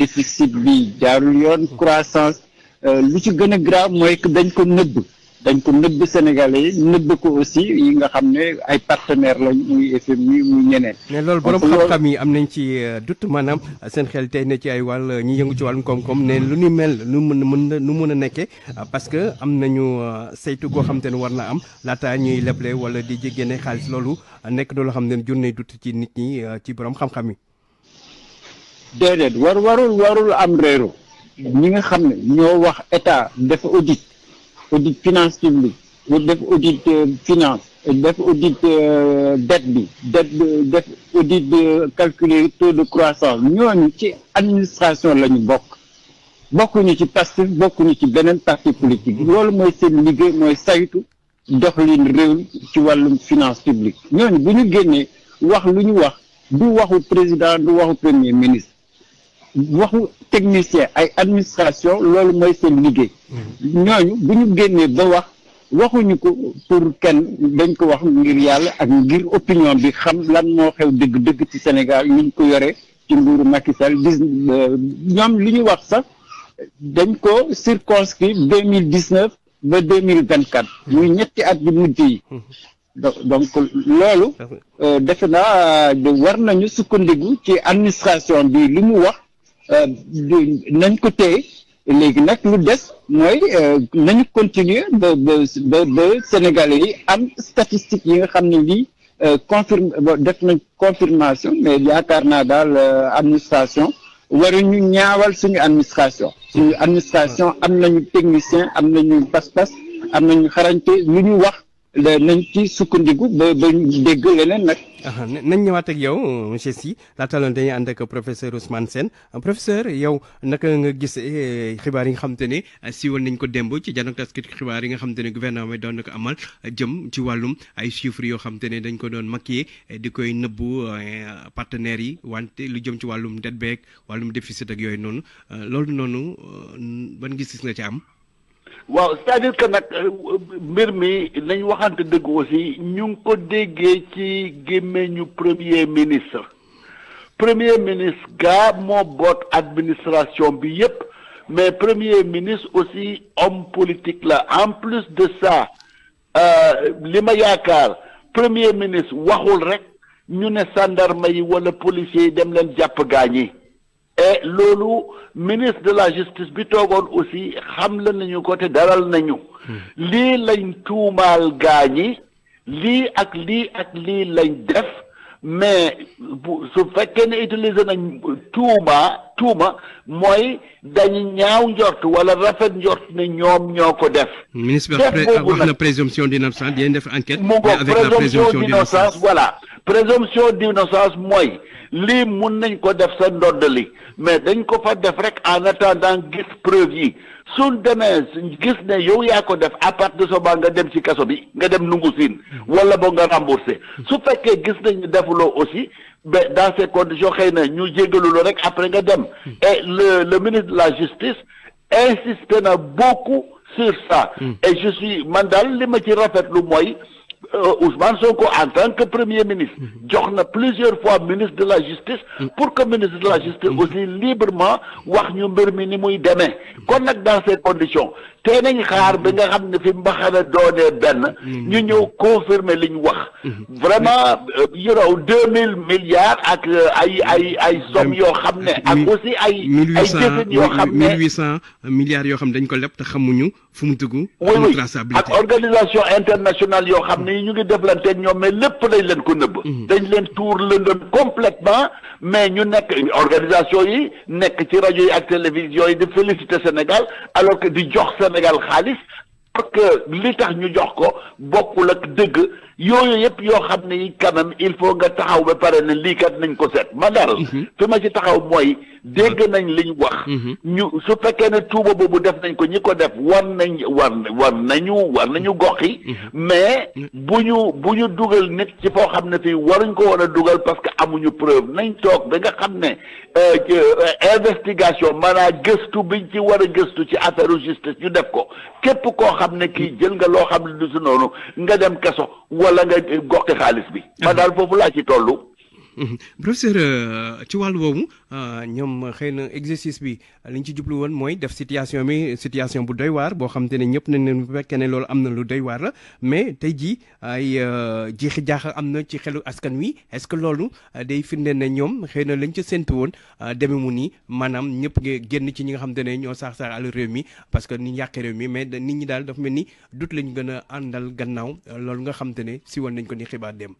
déficit bi croissance Euh, lu ci gën a grave mooy que dañ ko nëbb dañ ko nëbb Sénégalais yi nëbb ko aussi yi nga xam ne ay partenaires lañ muy FMI muy ñeneen. mais loolu borom xam-xam yi am nañ ci euh, dut maanaam seen xel tey na ci ay wàll ñi yëngu ci wàllum koom-koom ne lu ni mel lu mën mën na nu mën a nekkee euh, parce que am nañu saytu goo xam te ne war na am laata ñuy leble wala di génne xaalis loolu nekk na loo xam ne jur nay dut ci nit ñi ci borom xam-xam yi. déedéet war warul am réeru. ñi nga xam ne ñoo wax état def audit audit finance publique def audit euh, finance def audit euh, dette bi dette def audit calculer taux de croissance ñooñu ci administration lañu ñu bokk bokkuñu ci Pastef bokkuñu ci beneen parti politique loolu mooy seen liggéey mooy saytu doxalin réew ci wàllum finance publique ñooñu bu ñu génnee wax lu ñu wax du waxu président du waxu premier ministre waxu technicien ay administration loolu mooy seen liggéey mm-hmm. ñooñu bu ñu génnee ba wax waxuñu ko pour kenn dañ ko wax ngir yàlla ak ngir opinion bi xam lan moo xew dëgg-dëgg ci Sénégal ñu ko yore ci nguuru Macky Sall dis euh, ñoom li ñu wax sax dañ ko circonscrit deux mille dix neuf ba deux mille vingt quatre mu mm-hmm. ñetti at yu mujj yi mm-hmm. donc loolu euh, defe naa war nañu sukkandiku ci administration bi li mu wax Euh, nañ ko téye léegi nag lu des mooy euh, nañu continuer ba ba ba ba Sénégalais yi am statistique yi nga xam ne lii euh, confirme def nañ confirmation mais yaakaar naa daal administration waruñu ñaawal suñu administration suñu administration am nañu technicien am nañu pas-pas am nañu xarañte lu ñu wax nañ ci sukkandiku ba ba dégg leneen nag. nañ ñëwaat ak yow monsieur Sy laata loon dañuy ànd ak professeur Ousmane seen professeur yow naka nga gisee eh, xibaar yi nga xam te ne siiwal nañ ko demb ci jànn taskit xibaar yi nga xam te ne gouvernement doon na ko amal jëm ci wàllum ay chiffres yoo xam ne dañ ko doon maquiller eh, di koy nëbbu eh, partenaires yi wante lu jëm ci wàllum dette beeg wàllum déficit ak yooyu noonu loolu noonu ban gis-gis nga ci am. waaw cest nag euh, mbir mi nañ waxante dëgg aussi ñu ngi ko déggee ci ñu premier ministre premier ministre gaa moo boot administration bi yépp mais premier ministre aussi homme politique la en plus de ça euh, li ma yaakaar premier ministre waxul rek ñu ne gendarme yi wala policiers yi dem leen jàpp gaañi et ministre de la justice bi togon aussi xam la nañu ko te dalal nañu hmm. li lañ tuumaal gaañi li ak li ak li lañ def mais bu su fekkee ne utiliser nañ tuuma tuuma mooy dañ ñaaw njort wala rafet njort ne ñoom ñoo ko def. ministre bi wax na présomption d'innocence dinañ def enquête. avec la présomption d'innocence voilà présomption d'innocence mooy lii mun nañ ko def sa ndodd li mais dañ ko fa def rek en attendant gis preuve yi suñ demee gis ne yow yaa ko def à partir de soba nga dem ci kaso bi nga dem nungu siin wala bo nga remboursé su fekkee gis nañ defuloo aussi mais dans ces conditions xëy na ñu jégalu rek après nga dem et le le ministre de la justice insisté na beaucoup sur ça hmm. et je suis man daal li ma ci rafetlu mooy euh, Ousmane Sonko en tant que premier ministre mhm. jox plusieurs fois ministre de la justice mhm. pour que ministre de la justice mhm. aussi librement wax ñu mbir mi demain. muy dans ces conditions te xaar bi nga xamne fi mm-hmm. ñu confirmer liñ mm-hmm. vraiment euh, you know milliards ak euh, ay ay ay aussi milliards dañ organisation internationale ñu mais ko mm-hmm. dañ complètement mais ñu nek organisation yi ci ak télévision yi di féliciter Sénégal alors que di jox Sénégal xaalis parce que li tax ñu jox ko bokkul ak dëgg yooyu yëpp yoo xam ne yi quand il faut nga taxaw ba pare ne lii kat nañ ko seet ma daal mhm. fi ma ci taxaw mooy dégg nañ liñ wax mhm. ñu su fekkee ne tuuba boobu def nañ ko ñi ko def war nañ war war nañu war nañu gox yi mhm. mais bu ñu bu ñu dugal nit ci foo xam ne fii waruñ ko war a dugal parce que amuñu preuve nañ toog ba nga xam ne euh, euh, investigation maanaam gëstu biñ ci war a gëstu ci affaire justice ñu def ko képp koo xam ne kii jël nga loo xam ne du si noonu nga dem kaso wala nga goqi xaalis bi. man daal foofu laa ci toll. professeur euh, ci wàllu woowu euh, ñoom xëy na exercice bi li ci jublu woon mooy def situation bi situation bu doy waar boo xam te ne ñëpp nañ leen bu fekkee ne loolu am na lu doy waar la mais tey jii ay euh, jiixi jaax am na ci xelu askan wi est-ce que loolu day firndeel na ñoom xëy na lañ ca séntu woon demee mu nii maanaam ñëpp génn ci ñi nga xam ne ñoo saax saax àll réew mi parce que ni yàq réew mi mais nit ñi daal dafa mel ni dut lañ gën a àndal gannaaw loolu nga xam ne si woon nañ ko ni xibaar dem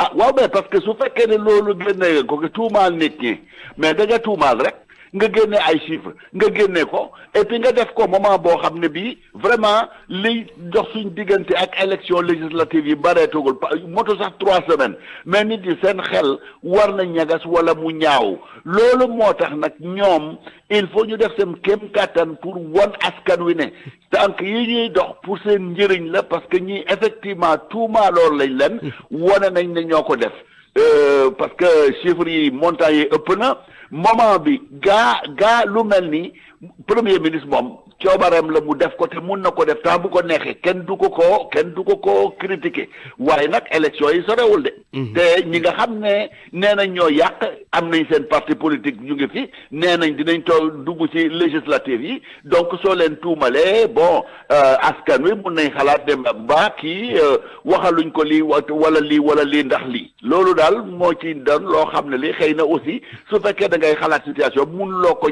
ah waaw mais parce que su fekkee ne loolu génnee ko tuumaal nit ñi mais da nga tuumaal rek. nga génne ay chiffres nga génne ko et puis nga def ko moment boo xam ne vraiment liy dox suñ diggante ak élection législative yi bareetugul moto trois semaines mais nit yi seen xel war na ñagas wala mu ñaaw loolu moo tax nag il faut ñu def seen pour won askan wi ne tànk yi ñuy dox pour seen njëriñ la parce que ñii effectivement tout loolu lañ leen nañ euh, parce que chiffres yi montant moment bi gaa gaa lu mel ni premier ministre moom coobaram la mu def ko te mun na ko def temps bu ko neexee kenn du ko koo kenn du ko koo critiqué waaye nag élection yi sorewul de. Mhm. te ñi nga xam ne nee nañ ñoo yàq am nañ seen parti politique ñu ngi fi nee nañ dinañ too dugg ci législative yi donc soo leen tuumalee bon euh, askan wi mun nañ xalaat ne ba kii euh, waxaluñ ko lii wala lii wala lii ndax lii. loolu daal moo ci doon loo xam ne li xëy na aussi su fekkee da ngay xalaat situation ah, mun loo ko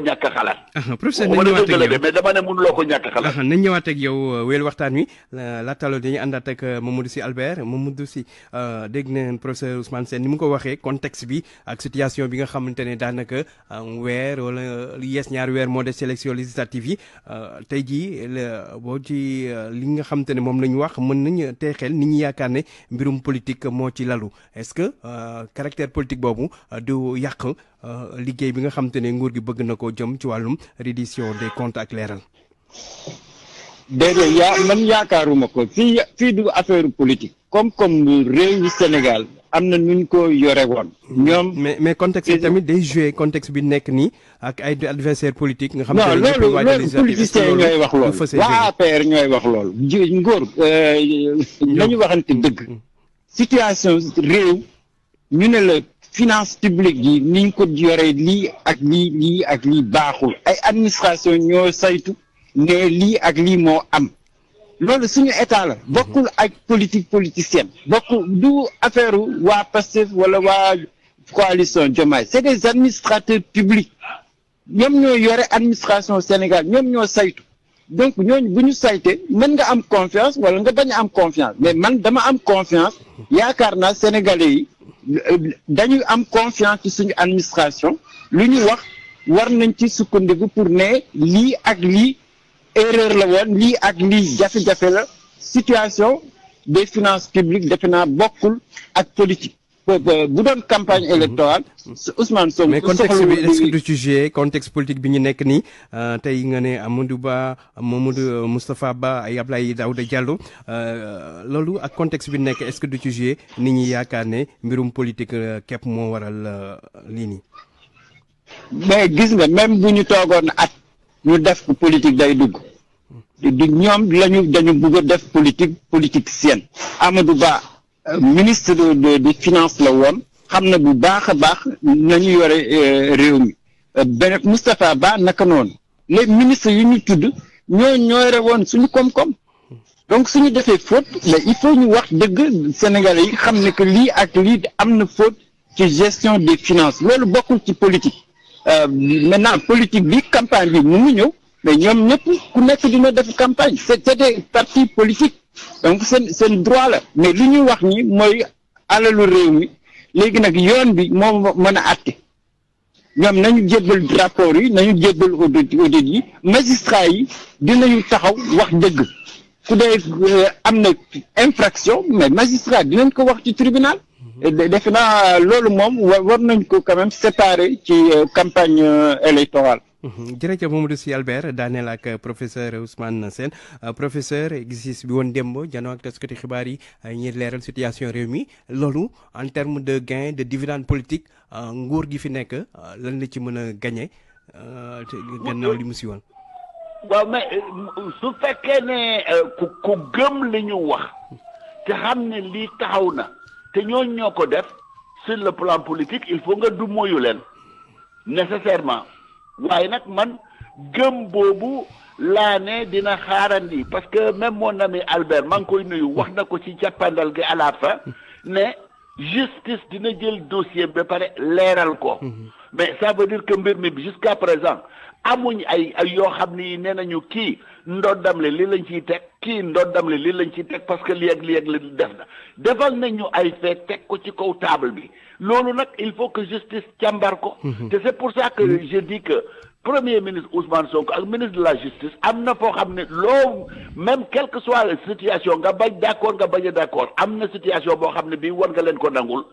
a mënuloo ko ñàkk xalaat. nañ ñëwaat ak yow euh, wéyal waxtaan wi laataaloo dañuy àndaat ak euh, Mamadou Sy Albert Mamadou Sy euh, dégg nañ professeur Ousmane Sène ni mu ko waxee contexte bi ak situation bi nga xamante ne daanaka weer wala yees ñaari weer moo des ci élection législative yi tey jii boo ci li nga xamante ne moom la ñu wax mën nañ tey xel nit ñi yaakaar ne mbirum politique moo ci lalu est-ce que caractère politique boobu du yàq liggéey bi nga xamante ne nguur gi bëgg na ko jëm ci wàllum reddition des comptes déedéet yaa man yaakaaruma ko fii fii du affaire politique comme comme réew yi Sénégal am na nuñ ko yore woon. ñoom mais mais contexte bi tamit de joué contexte bi nekk nii ak ay adversaire politique nga xam ne loolu loolu politiciens ñooy wax loolu waa APR ñooy wax loolu ji ngóor euh, nañu waxante dëgg mm. situation réew ñu ne la finance publique yi niñ ko yore lii ak lii lii ak lii baaxul ay administration ñoo saytu ne li ak li mo am loolu suñu état la mhm. bokkul ak politique politicienne bokkul du affaire waa Pastef wala waa coalition Diomaye c'est des administrateurs publics ñom ñoo yoré administration Sénégal ñom ñoo saytu donc ñooñu buñu sayté sayte nga am confiance wala nga bañ a am confiance mais man dama am confiance a naa sénégalais yi dañu am confiance ci suñu administration luñu wax war nañ ci sukkandiku pour ne lii ak lii erreur la woon lii ak lii jafe-jafe la situation des finances publiques defe naa bokkul ak politique. Euh, bu doon campagne électorale. Mhm. Ousmane Sonko mais contexte bi est-ce que du ci joué contexte politique bi ñu nekk nii euh, tey nga ne Amadou Ba Mamadou euh, Moustapha Ba ay Ablaye Daouda Diallo loolu ak contexte bi nekk est-ce que du ci joué nit ñi yaakaar ne mbirum politique képp moo waral lii nii. mais gis nga même bu ñu toogoon at. Nous def politique day dugg di ñom lañu dañu bëgg politiques def politique politique seen Amadou Ba euh, ministre de de finance la won xamna bu baaxa baax nañu yoré euh, réew mi euh, mustapha Ba naka non les ministres yu ñu tudd ñoo ñoy woon suñu kom kom donc suñu defee faute mais il faut ñu wax dëgg Sénégalais yi xam que li ak li amna faute ci gestion des finances lolu bokul ci politique euh, maintenant politique bi campagne bi mu ñëw mais ñom ñep campagne C'est des partis politiques donc droit mais wax ni mi a ñom nañu yi nañu audit yi magistrat yi taxaw wax ku euh, infraction mais magistrat dinañ ko tribunal defe naa loolu moom war nañ ko quand même séparer ci euh, campagne euh, électorale. Mm-hmm. jërëjëf Mamadou Sy Albert daaneel ak euh, professeur Ousmane Sène professeur exercice bi woon démb jano ak taskati xibaar yi ñi leeral situation réew mi loolu en terme de gain de dividende politique nguur gi fi nekk lan la ci mën a gagné gannaaw li mu si woon. waaw mais su fekkee ne ku gëm li ñu wax te xam ne lii taxaw na te def sur le plan politique il faut nga du moyu leen nécessairement waaye nag man gëm boobu laa ne dina xaarandi parce que même mon ami Albert man ngi koy nuyu wax na ko ci jàppandal gi à la fin ne justice dina jël dossier ba pare leeral ko mhm. mais ça veut dire que mbir mi jusqu'à présent amuñ ay ay yoo xam ni nee nañu kii ndoddam le li lañ ciy teg kii ndoddam le li lañ ciy teg parce que lii ak lii ak li def na defal nañu ay fait teg ko ci kaw table bi loolu nag il faut que justice càmbar ko. Mhm. te c'est pour ça que mhm. je dis que premier ministre Ousmane Sonko ak ministre de la justice am na foo xam ne loo même quelle que soit la situation nga bañ d'accord nga bañ d'accord am na situation boo xam ne bii war nga leen ko nangul.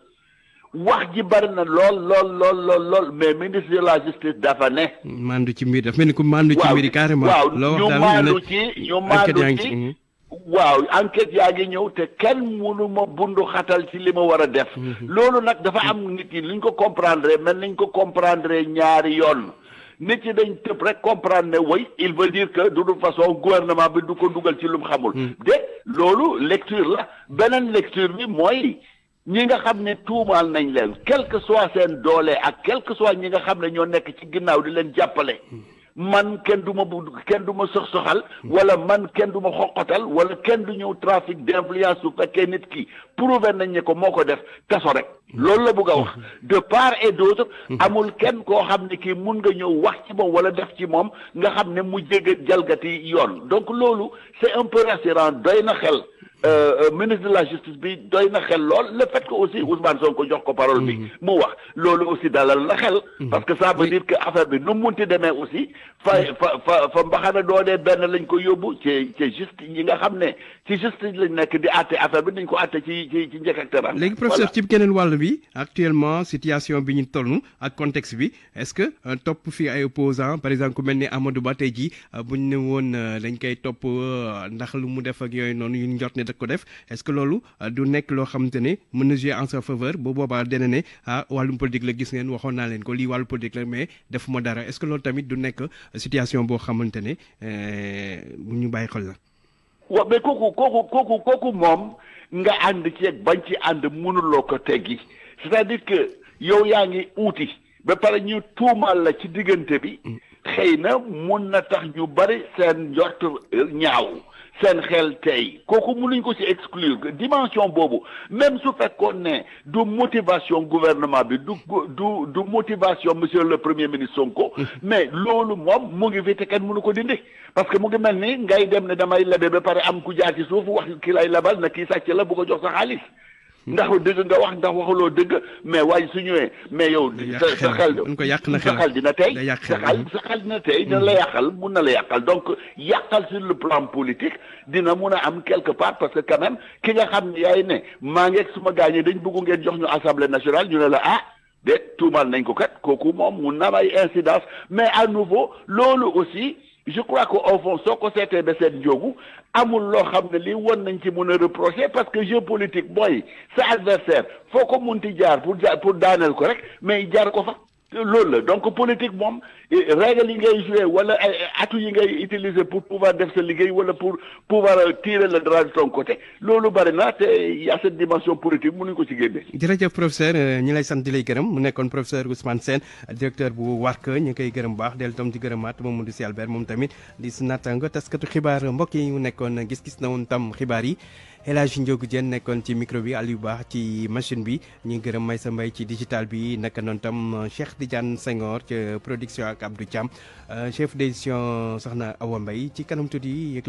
wax ji bari na lool lool lool lool lool mais ministre de la justice dafa ne. maandu ci mbir dafa mel ni ku maandu ci mbir carrément. waaw ñu maandu ci ñu maandu ci mhm. waaw enquête yaa ngi ñëw te kenn mënu ma bundu xatal ci li ma war a def. Mhm. loolu nag dafa am nit yi ni ñu ko comprendre mel nañ ko comprendre ñaari yoon. nit yi dañ tëb rek comprendre ne way il veut dire que du toute façon gouvernement bi du ko dugal ci lu mu xamul. Mhm. de loolu lecture la beneen lecture bi mooy. ñi nga xam ne tuumaal nañ leen quel que soit seen doole ak quel que soit ñi nga xam ne ñoo nekk ci ginnaaw di leen jàppale man kenn du ma bu kenn du ma sox soxal wala man kenn du ma xoqatal wala kenn du ñëw trafic d'influence su fekkee nit ki prouvé nañ ne ko moo ko def kaso rek loolu la bëgg a wax de part et d'autre amul kenn koo xam ne kii mun nga ñëw wax ci moom wala def ci moom nga xam ne mu jégg jalgati yoon donc loolu c'est un peu doy na xel Euh, euh, ministre de la justice bi doy na xel lool le fait que aussi mm-hmm. Ousmane Sonko jox ko parole bi. Mm-hmm. mu wax loolu aussi dalal la xel. Mm-hmm. parce que ça veut dire que affaire bi nous mu munti demee aussi. fa fa fa fa mbaxana doonee benn lañ ko yóbbu ci ci juste ñi nga xam ne ci juste lañ nekk di àtte affaire bi dañ ko àtte ci ci ci njëkk ak teraan. léegi professeur ci keneen wàll bi actuellement situation bi ñu toll ak contexte bi est-ce que euh, topp fii ay opposant, par exemple ku mel ni Amadou Ba tey jii buñ ne woon dañ koy topp ndax lu mu def ak yooyu noonu yu njort ko def est-ce que loolu euh, du nekk loo xamante ne mën na jouer en sa faveur bu boobaa dana ne ah wàllum politique la gis ngeen waxoon naa leen ko lii wàllu politique la mais def ma dara est-ce que loolu tamit du nekk euh, situation boo xamante ne bu euh, ñu bàyyi xel la. waaw mais kooku kooku kooku moom nga ànd ci ak bañ ci ànd mënuloo ko teggi c'est-à-dire que yow yaa ngi uuti ba pare ñu tuumaal la ci diggante bi. Mm. xëy na mun na tax ñu bari seen njort ñaaw. seen xel tey kooku mënuñ ko ci exclure dimension boobu même su fekkoon ne du motivation gouvernement bi du du du motivation monsieur le premier ministre Sonko mm. mais loolu moom mu ngi fi te kenn mënu ko dindi parce que mu ngi mel ni ngay dem ne damay lebe ba pare am ku jaar ci suuf wax ki lay lebal na kii sàcc la bu ko jox sa xaalis ndax dëgg nga wax ndax waxuloo dëgg mais waaye su ñëwee mais yow. sa xel ko yàq na xel sa xel dina tey sa xel dina tey dina la mm-hmm. yàqal mun na la yàqal donc yàqal sur le plan politique dina mun a am quelque part parce que quand même ki nga xam ne yaay ne maa ngeeg suma gaañee dañ bëgg ngeen jox ñu assemblée nationale ñu ne la ah. de tuumal nañ ko kat kooku moom mun na am ay incidence mais à nouveau loolu aussi je crois que au fond ce que c'était ba seet amul lo xamné li lii woon nañ ci reprocher parce que jeu politique boy sa adversaire foo ko munti jaar pour pour daaneel ko rek mais jaar ko fa loolu la donc politique moom règle yi ngay joué wala ay atu yi ngay utiliser pour pouvoir def sa liggéey wala pour pouvoir euh, tirer le drap de ton côté loolu bari na te y a cette dimension politique mënuñu ko ci génne. jërëjëf professeur euh, ñi lay sant di lay gërëm mu nekkoon professeur Ousmane Sène directeur bu WARC ñu koy gërëm baax dellu tam di gërëmaat Mamadou Sy Albert moom tamit di si naataango taskatu xibaar mbokk yi mu nekkoon gis-gis na woon tam xibaar yi. ela ci njogu jeen nekkoon ci micro bi aliou bah ci machine bi ñu gërëm may sa mbay ci digital bi naka noonu tam cheikh dijane senghor ci production ak abdou cham chef d'édition soxna awa mbay ci kanam tuddi